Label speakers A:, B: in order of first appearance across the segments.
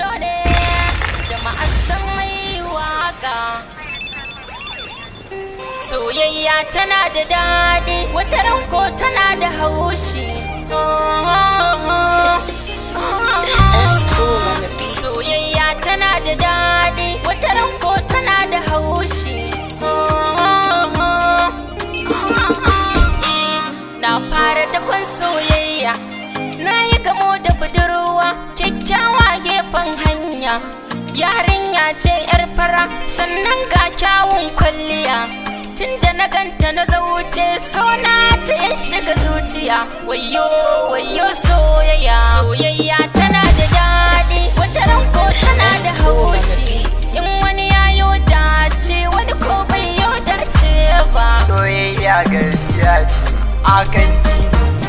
A: shore jama'a sun mai waka soyayya tana da daɗi wata ranko tana da haushi kwalliya yarinya ce yar fara sannan ga kyawun kwalliya tunda na ganta na zauce sona ta ya shiga zuciya wayo wayo soyayya soyayya tana da daɗi wata ranko tana da haushi in wani ya wata dace wani ko bai wata dace ba soyayya gaskiya ce akan ki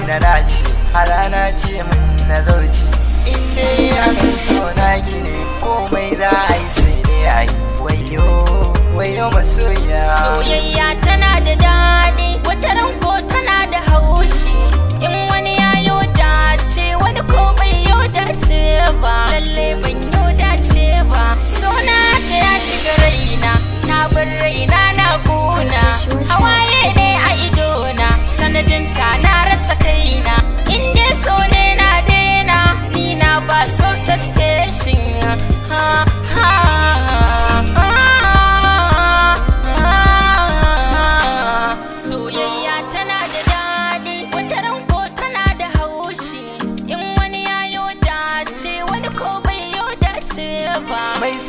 A: na dace harana ce min na zauci inda ya kan so na ki ne komai za a yi sai dai a yi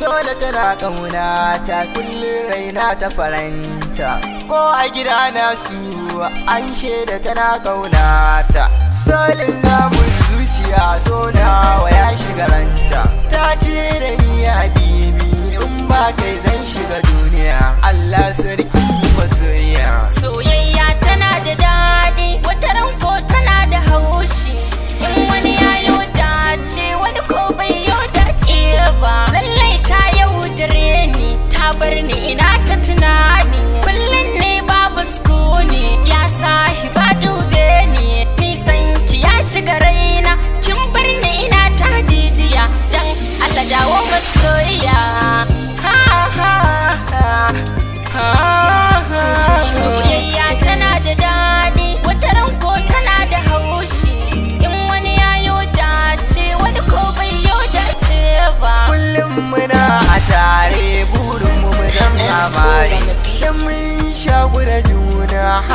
A: so tana kauna ta kullum raina ta faranta ko a gida na su an da tana kauna ta solin zamun zuciya so nawa ya shigaranta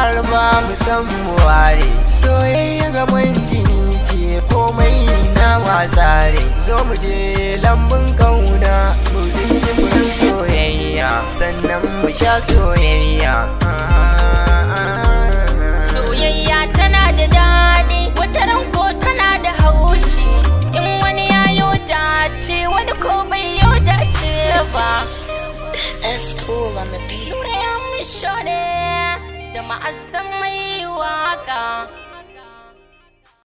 A: har ba mu san mu ware soyayya ga jini ce komai na wasa zo mu je lambun kauna mu bi soyayya sannan mu sha soyayya soyayya tana da daɗi wata ranko tana da haushi in wani ya yo dace wani ko bai yo dace ba on the beat. da ma'azzan mai waka